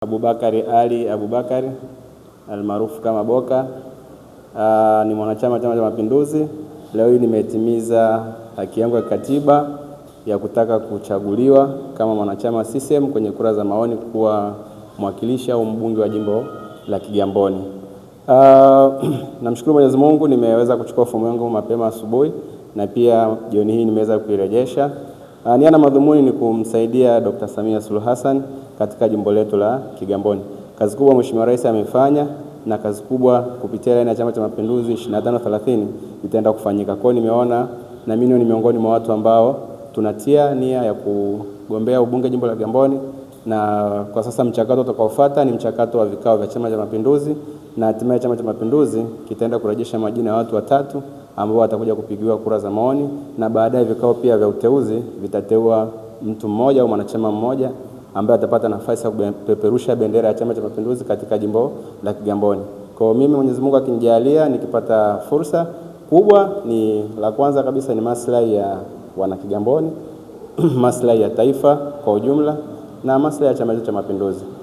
Abubakari Ali Abubakari almaarufu kama Boka. Aa, ni mwanachama Chama cha Mapinduzi. Leo hii nimetimiza haki yangu ya katiba ya kutaka kuchaguliwa kama mwanachama CCM kwenye kura za maoni kuwa mwakilishi au mbunge wa jimbo la Kigamboni. Namshukuru Mwenyezi Mungu nimeweza kuchukua fomu yangu mapema asubuhi na pia jioni hii nimeweza kuirejesha. Ah, nia na madhumuni ni kumsaidia Dr. Samia Suluhu Hassan katika jimbo letu la Kigamboni. Kazi kubwa Mheshimiwa Rais amefanya na kazi kubwa kupitia ilani ya Chama cha Mapinduzi 2530 itaenda kufanyika. Kwa hiyo nimeona na mimi ni miongoni mwa watu ambao tunatia nia ya kugombea ubunge jimbo la Kigamboni, na kwa sasa mchakato utakaofuata ni mchakato wa vikao vya Chama cha Mapinduzi na hatimaye Chama cha Mapinduzi kitaenda kurejesha majina ya watu watatu ambao watakuja kupigiwa kura za maoni, na baadaye vikao pia vya uteuzi vitateua mtu mmoja au mwanachama mmoja ambaye atapata nafasi ya kupeperusha bendera ya Chama cha Mapinduzi katika jimbo la Kigamboni. Kwa mimi Mwenyezi Mungu akinijalia, nikipata fursa kubwa, ni la kwanza kabisa ni maslahi ya wanakigamboni maslahi ya taifa kwa ujumla na maslahi ya Chama cha Mapinduzi.